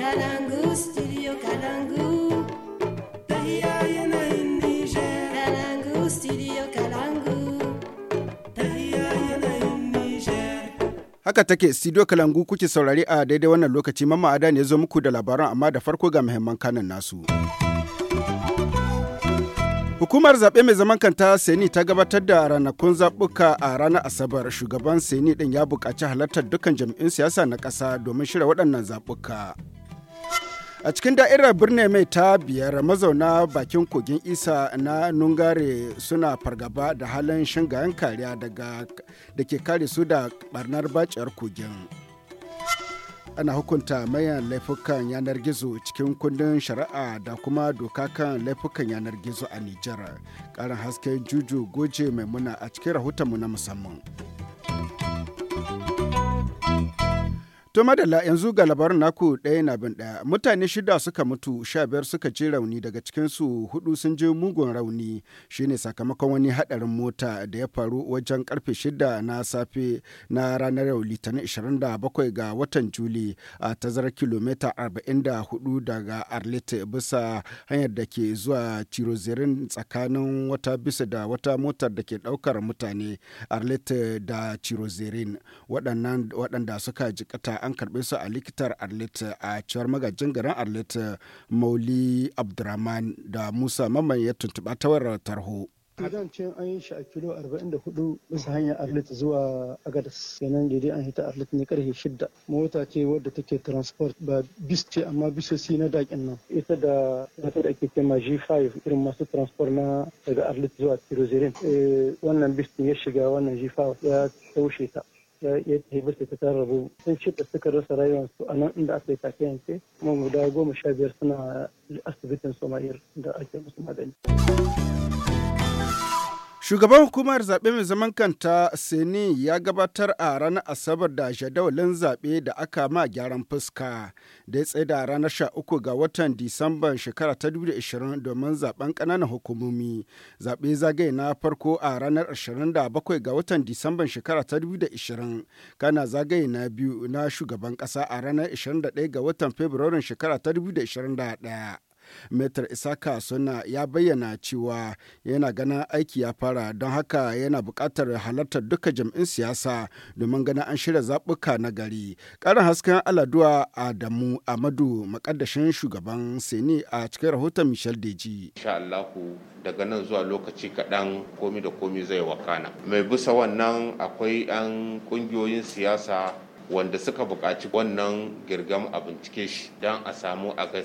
Kalangu, Haka take studio Kalangu kuke saurari a daidai wannan lokaci mamma ada ne zo muku da labaran amma da farko ga muhimman kanan nasu. Hukumar zaɓe mai zaman kanta Seni ta gabatar da ranakun zaɓuka a ranar Asabar. Shugaban Seni ɗin ya buƙaci halartar dukkan jam'in siyasa na ƙasa domin shirya waɗannan zaɓuka. A cikin da'irar birnin mai ta biyar mazauna bakin kogin isa na Nungare suna fargaba da halin shingayen kariya daga da ke kare su da barnar baciyar kogin. ana hukunta mayan laifukan yanar gizo cikin kundin shari'a da kuma doka kan laifukan yanar gizo a Nijar. Karin hasken juju goje maimuna a cikin rahotonmu na musamman. To madalla yanzu ga labarin naku ɗaya na bin ɗaya mutane shida suka mutu sha biyar suka ji rauni daga cikinsu hudu sun je mugun rauni shine sakamakon wani haɗarin mota da ya faru wajen karfe shida na safe na ranar yau litinin 27 ga watan Juli a tazarar kilomita 44 daga Arlete bisa hanyar da ke zuwa cirozirin tsakanin wata bisa da wata motar da ke ɗaukar mutane Arlete da Cirozerin waɗanda suka jikata an karbe su a likitar arlet a cewar magajin garin arlet mauli abdurrahman da musa mamman ya tuntuba ta wayar tarho Sudan cin an yi shi a kilo 44 bisa hanyar arlet zuwa Agadas. Kenan daidai an hita arlet ne karfe 6. Mota ce wadda take transport ba bis ce amma bisosi na dakin nan. Ita da wata da ake kema G5 irin masu transport na daga arlet zuwa Tirozirin. Eh, wannan bis ya shiga wannan G5 ya taushe ta. ya tebe su ta rabu sun ci da suka rasa rayuwarsu a nan inda aka yi kafiyance kuma guda goma sha biyar suna asibitin somayir da ake musu magani. Shugaban hukumar zaɓe mai zaman kanta Sani ya gabatar a ranar Asabar da jadawalin zaɓe da aka ma gyaran fuska da ya tsaye da ranar 13 ga watan Disamban shekara ta 2020 domin zaɓen ƙananan hukumomi. Zaɓe zagaye na farko a ranar 27 ga watan Disamban shekara ta 2020 kana zagaye na biyu na shugaban ƙasa a ranar 21 ga watan Fabrairun shekara ta 2021. Metar Isaka suna ya bayyana cewa yana ganin aiki ya fara don haka yana buƙatar halartar duka jam'in siyasa domin ganin an shirya zaɓuka na gari. Ƙarin hasken Aladuwa Adamu Amadu makaddashin shugaban Seni a cikin rahoton Michel Deji. Allahu daga nan zuwa lokaci kaɗan komi da komi zai wakana. Mai bisa wannan akwai 'yan ƙungiyoyin siyasa wanda suka buƙaci wannan girgam a bincike shi don a samu a ga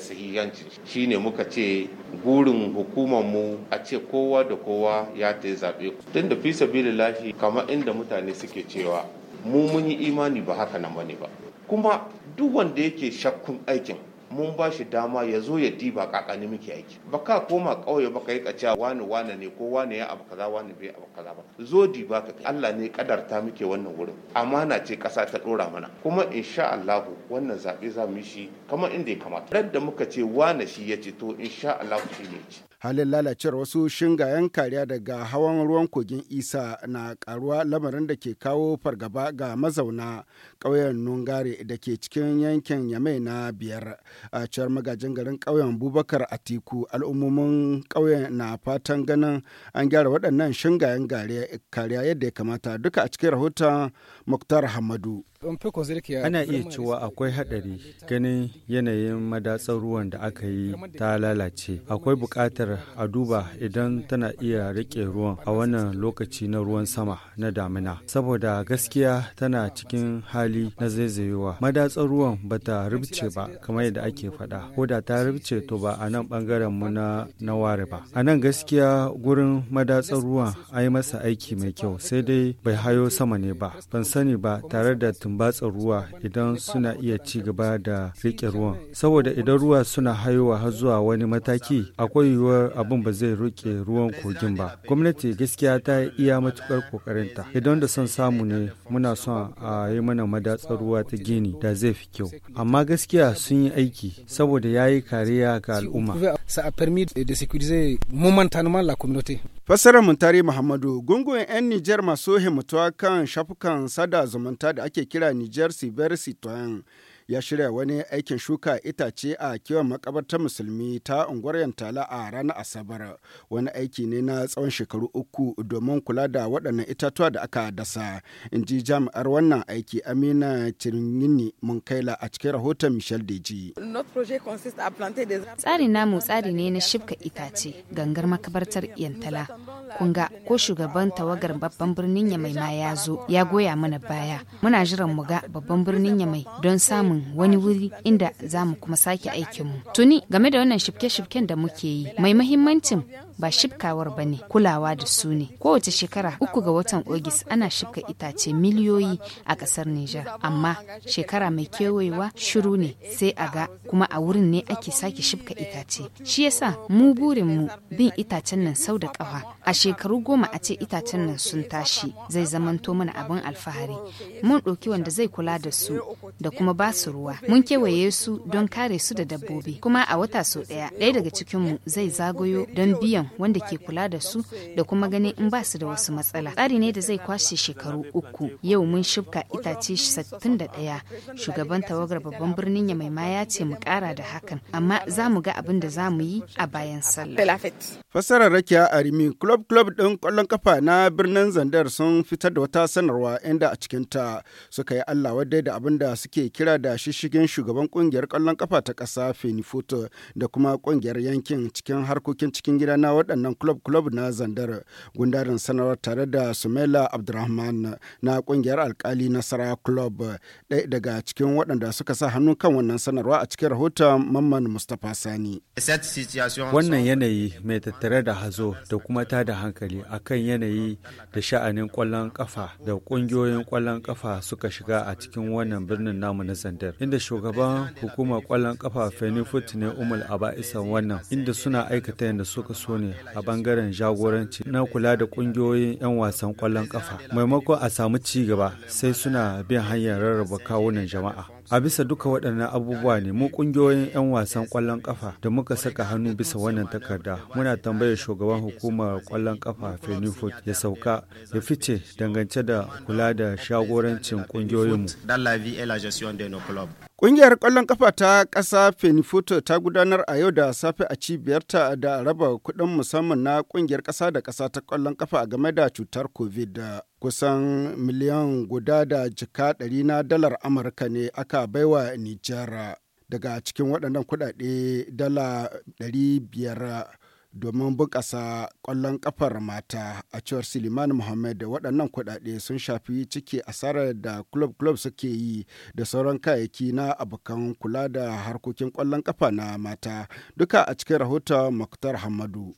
shi ne muka ce gurin hukumarmu a ce kowa da kowa ya ta yi zaɓe tun da fi sabilillahi kamar inda mutane suke cewa mu mun yi imani ba haka nan bane ba kuma duk wanda yake shakkun aikin mun ba shi dama ya zo ya diba kakani muke aiki ba ka koma kauye ba ka yi kaca wani wani ne ko wani ya abu kaza wani bai abu kaza ba zo diba ka Allah ne kadarta muke wannan wurin amana ce kasa ta dora mana kuma insha Allah wannan zabe za mu yi shi kamar inda ya kamata da muka ce wani shi ya ce to insha Allah shi ne ci halin lalacewar wasu shingayen kariya daga hawan ruwan kogin isa na karuwa lamarin da ke kawo fargaba ga mazauna ƙauyen nungare da ke cikin yankin yamai na biyar a cewar magajin garin ƙauyen bubakar atiku al'ummomin ƙauyen na fatan ganin an gyara waɗannan shingayen kariya yadda ya kamata duka a cikin rahoton muktar hamadu Ana iya cewa akwai haɗari ganin yanayin madatsar ruwan da aka yi ta lalace. Akwai buƙatar a duba idan tana iya riƙe ruwan a wannan lokaci na ruwan sama na damina. Saboda gaskiya tana cikin hali na zaizayewa. Madatsar ruwan ba ta rubce ba kamar yadda ake faɗa. Ko da ta rubce to ba a nan ɓangaren mu na na ware ba. A nan gaskiya gurin madatsar ruwan a yi masa aiki mai kyau sai dai bai hayo sama ne ba. Ban sani ba tare da tum batsa ruwa idan suna iya ci gaba da rike ruwan saboda idan ruwa suna hayowa har zuwa wani mataki akwai yiwuwar abin ba zai riƙe ruwan kogin ba gwamnati gaskiya ta iya matukar ƙoƙarinta idan da son samu ne muna son a yi mana madatsar ruwa ta gini da zai fi kyau amma gaskiya sun yi aiki saboda ya yi kariya ga al'umma fassarar muntari muhammadu gungun 'yan nijar masu himmatuwa kan shafukan sada zumunta da ake kira Niger Cyber Citoyen ya shirya wani aikin shuka itace a kiwon makabartar musulmi ta unguwar Yantala a ranar Asabar. Wani aiki ne na tsawon shekaru uku domin kula da waɗannan itatuwa da aka dasa. In ji jami'ar wannan aiki Amina kai la a cikin rahoton Michel Deji. Tsari namu tsari ne na shibka itace gangar makabartar Yantala. Kunga ko shugaban tawagar babban birnin Yamai ma ya zo ya goya mana baya. Muna jiran mu ga babban birnin Yamai don samun samun wani wuri inda za mu kuma sake aikinmu. Tuni game da wannan shifke-shifken da muke yi, mai mahimmancin ba shifkawar ba ne kulawa da su ne kowace shekara uku ga watan ogis ana shifka itace miliyoyi a kasar Nijar amma shekara mai kewayewa shiru ne sai a ga kuma a wurin ne ake sake shifka itace shi yasa mu burin mu bin itacen nan sau da kafa a shekaru goma a ce itacen nan sun tashi zai zamanto mana abin alfahari mun ɗauki wanda zai kula da su da kuma ba su ruwa mun kewaye su don kare su da dabbobi kuma a wata sau ɗaya ɗaya daga cikinmu zai zagayo don biyan wanda ke kula da su da kuma gani in ba su da wasu matsala tsari ne da zai kwashe shekaru uku yau mun shifka itace 61 shugaban tawagar babban birnin yamaima ma ya ce mu kara da hakan amma za mu ga abin da za mu yi a bayan sallah Fassarar Rakiya Arimi, Club Club ɗin kwallon kafa na birnin Zandar sun fitar da wata sanarwa inda a cikinta suka yi Allah wadai da abin da suke kira da shishigin shugaban ƙungiyar kwallon kafa ta ƙasa Fenifoto da kuma ƙungiyar yankin cikin harkokin cikin gida na waɗannan Club Club na Zandar. Gundarin sanarwar tare da Sumaila Abdulrahman na ƙungiyar alkali Nasara Club ɗaya daga cikin waɗanda suka sa hannu kan wannan sanarwa a cikin rahoton Mamman Mustapha Sani. Wannan yanayi mai tattare da hazo da kuma ta da hankali a kan yanayi da sha'anin kwallon kafa da kungiyoyin kwallon kafa suka shiga a cikin wannan birnin namu na zandar inda shugaban hukumar kwallon kafa fenifut ne umul aba'isan wannan inda suna aikata yadda suka so ne a bangaren jagoranci na kula da kungiyoyin 'yan wasan kwallon kafa maimakon a samu ci gaba sai suna bin hanyar rarraba kawunan jama'a A bisa duka waɗannan abubuwa ne mu ƙungiyoyin 'yan wasan ƙwallon ƙafa da muka saka hannu bisa wannan takarda muna tambayar shugaban hukumar ƙwallon ƙafa Fenifot ya sauka ya fice dangance da kula da shagorancin ƙungiyoyinmu. Ƙungiyar ƙwallon ƙafa ta ƙasa Fenifoto ta gudanar a yau da safe a cibiyarta da raba kuɗin musamman na ƙungiyar ƙasa da ƙasa ta ƙwallon ƙafa game da cutar COVID. Kusan miliyan guda da jika ɗari na dalar Amurka ne aka baiwa Nijar. Daga cikin waɗannan kuɗaɗe dala ɗari biyar domin bunƙasa ƙwallon ƙafar mata a cewar Suleiman muhammad da waɗannan kuɗaɗe sun shafi cike asarar da club club suke yi da sauran kayayyaki na abokan kula da harkokin ƙwallon ƙafa na mata duka a cikin rahoton Muktar Hamadu.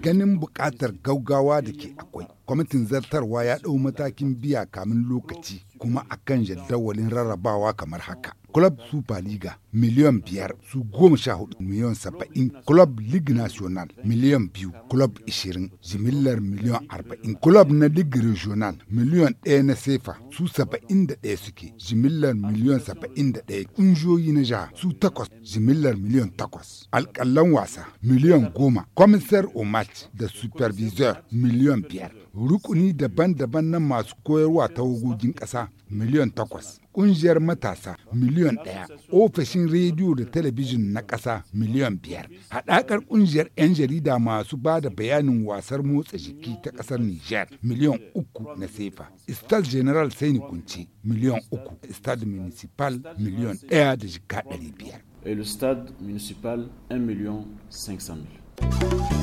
ganin buƙatar gaugawa da ke akwai kwamitin zartarwa ya ɗau matakin biya kamin lokaci kuma a kan jaddawalin rarrabawa kamar haka club super liga miliyan biyar su goma sha hudu miliyan saba'in club league national miliyan biyu club ishirin jimillar miliyan arba'in club na league regional miliyan ɗaya na sefa su saba'in da ɗaya suke jimillar miliyan saba'in da ɗaya ƙungiyoyi na jiha su takwas jimillar miliyan takwas alƙalan wasa miliyan goma kwamitin ƙasar Omat da supervisor miliyan biyar. Rukuni daban-daban na masu koyarwa ta hugogin ƙasa miliyan takwas. Ƙungiyar matasa miliyan ɗaya. Ofishin rediyo da talabijin na ƙasa miliyan biyar. Haɗakar ƙungiyar 'yan jarida masu ba da bayanin wasar motsa jiki ta ƙasar niger miliyan uku na sefa. Stade General Saini Kunce miliyan uku. Stade Municipal miliyan ɗaya da jika ɗari biyar. et le stade municipal 1 500 000.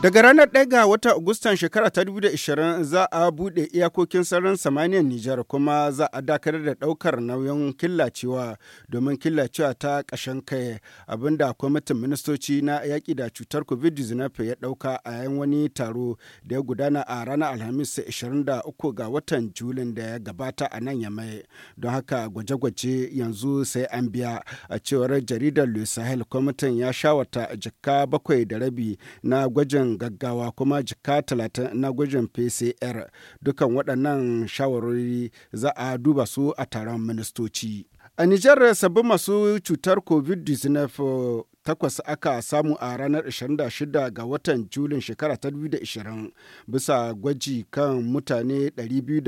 Daga ranar 1 ga watan Agustan shekara ta 2020 za a buɗe iyakokin sararin samaniyar Nijar kuma za a dakatar da ɗaukar nauyin killacewa domin killacewa ta ƙashen kai abinda kwamitin ministoci na yaƙi da cutar COVID-19 ya ɗauka a yayin wani taro da ya gudana a ranar Alhamis 23 ga watan Julin da ya gabata a nan mai Don haka gwaje-gwaje yanzu sai an biya a cewar jaridar Louis Sahel kwamitin ya shawarta jikka bakwai da rabi na gwajin gwajin gaggawa kuma jika 30 na gwajin pcr dukan waɗannan shawarori za a duba su a taron ministoci a nijar sabbin masu cutar covid-19 takwas aka samu a ranar 26 ga watan julin shekara ta 2020 bisa gwaji kan mutane 204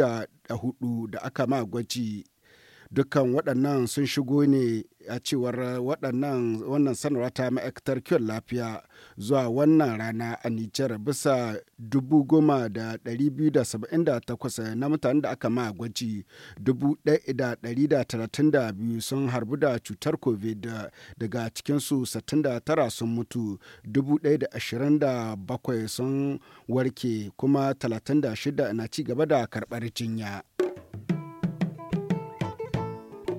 da aka ma gwaji dukkan waɗannan sun shigo ne a cewar waɗannan wannan sanarwa ta ma'aikatar kiwon lafiya zuwa wannan rana a Nijar bisa takwas na mutanen da aka ma gwaji biyu sun harbu da cutar covid daga cikinsu tara sun mutu da bakwai sun warke kuma 36 na ci gaba da karɓar jinya.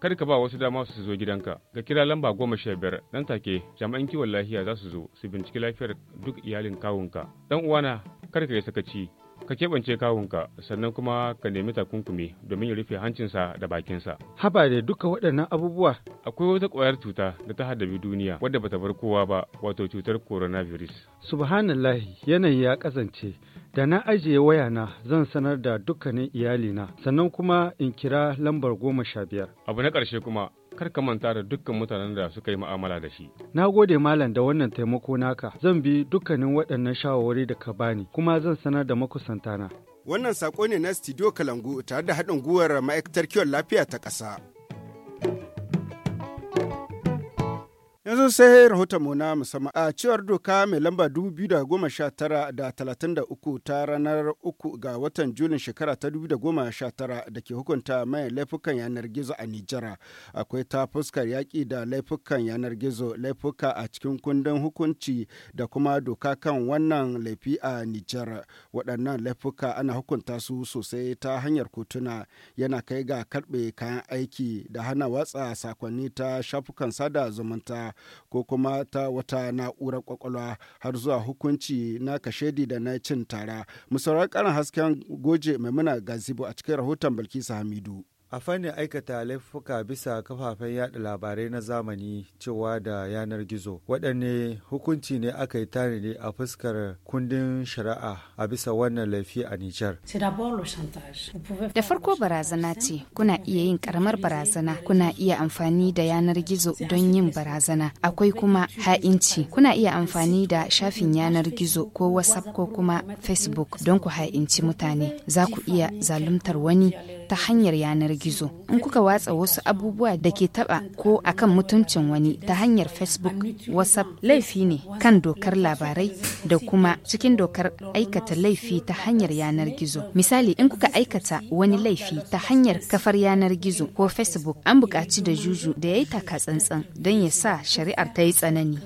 kada ka ba wasu dama su zo gidanka ga kira lamba goma sha biyar nan take jami'an kiwon lafiya za su zo su binciki lafiyar duk iyalin kawunka dan uwana kada ka yi sakaci ka keɓance kawunka sannan kuma ka nemi takunkumi domin ya rufe hancinsa da bakinsa. Haba da duka waɗannan abubuwa. Akwai wata ƙwayar cuta da ta haddabi duniya wadda bata bar kowa ba wato cutar coronavirus. Subhanallah, yanayi ya kasance da na ajiye wayana zan sanar da dukkanin iyalina sannan kuma in kira lambar goma sha biyar. Abu na ƙarshe kuma kar ka manta da dukkan mutanen da suka yi mu'amala da shi. Na gode malam da wannan taimako naka. Zan bi dukkanin waɗannan shawarwari da ka bani kuma zan sanar da makusantana. Wannan saƙo ne na Studio Kalangu tare da haɗin gwiwar ma'aikatar kiwon lafiya ta ƙasa. yanzu sai rahoton mu na musamman a cewar doka mai lamba 2019 da 33 ta ranar 3 ga watan julin shekara ta 2019 da ke hukunta mai laifukan yanar gizo a Nijar akwai ta fuskar yaƙi da laifukan yanar gizo laifuka a cikin kundin hukunci da kuma doka kan wannan laifi a Nijar waɗannan laifuka ana hukunta su sosai ta hanyar kotuna yana kai ga karɓe kayan aiki da hana watsa sakonni ta shafukan sada zumunta ko kuma ta wata na'urar kwakwalwa har zuwa hukunci na kashedi da na cin tara. Mu karin hasken goje maimuna gazibo a cikin rahoton Bilkisu Hamidu. A fannin aikata laifuka bisa kafafen yada labarai na zamani cewa da yanar gizo, waɗanne hukunci ne aka yi tanadi a fuskar kundin shari'a a bisa wannan laifi a Nijar. Da farko barazana ce, kuna iya yin karamar barazana, kuna iya amfani da yanar gizo don yin barazana. Akwai kuma ha'inci, kuna iya amfani da shafin yanar gizo ko WhatsApp ko kuma Facebook don ku ha'inci mutane. Za ku iya zaluntar wani ta hanyar yanar gizo in kuka watsa wasu abubuwa da ke taba ko akan mutuncin wani ta hanyar facebook whatsapp laifi ne kan dokar labarai da kuma cikin dokar aikata laifi ta hanyar yanar gizo misali in kuka aikata wani laifi ta hanyar kafar yanar gizo ko facebook an bukaci da juju da ya yi taka tsantsan don ya sa shari'ar ta yi tsanani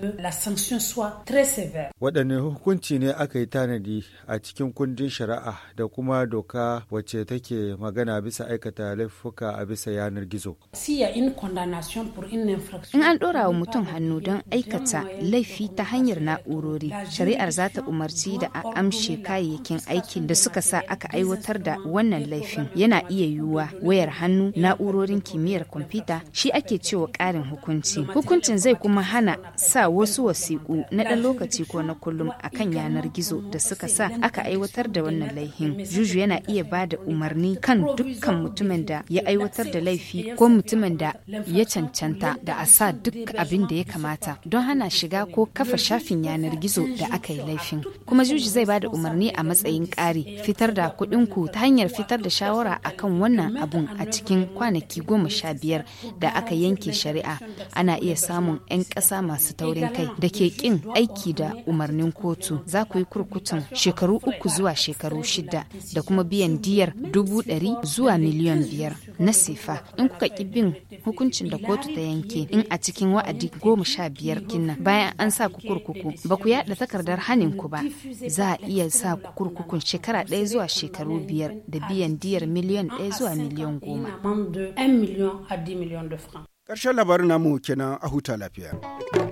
waɗanne hukunci ne aka yi tanadi a cikin kundin shari'a da kuma doka wacce take magana bisa bisa aikata laifuka a bisa yanar gizo. In an ɗora wa mutum hannu don aikata laifi ta hanyar na'urori, shari'ar za ta umarci da a amshe kayayyakin aikin da suka sa aka aiwatar da wannan laifin. Yana iya yiwuwa wayar hannu, na'urorin kimiyyar kwamfuta shi ake cewa ƙarin hukunci. Hukuncin zai kuma hana sa wasu wasiƙu na ɗan lokaci ko na kullum a kan yanar gizo da suka sa aka aiwatar da wannan laifin. Juju yana iya ba da umarni kan duk dukkan mutumin da ya aiwatar da laifi ko mutumin da ya cancanta da a sa duk abin da ya kamata don hana shiga ko kafa shafin yanar gizo da aka yi laifin kuma juji zai ba da umarni a matsayin ƙari fitar da kuɗin ku ta hanyar fitar da shawara akan wannan abun a cikin kwanaki goma sha biyar da aka yanke shari'a ana iya samun 'yan ƙasa masu taurin kai da ke ƙin aiki da umarnin kotu za ku yi kurkutun shekaru uku zuwa shekaru shida da kuma biyan diyar dubu ɗari zuwa zuwa miliyan biyar na sefa in kuka ki bin hukuncin da kotu ta yanke in a cikin wa'adi goma sha biyar kinnan bayan an sa ku kurkuku ba ku yada takardar hanin ku ba za a iya sa ku kurkukun shekara ɗaya zuwa shekaru biyar da biyan diyar miliyan ɗaya zuwa miliyan goma. Ƙarshen labarin namu kenan a huta lafiya.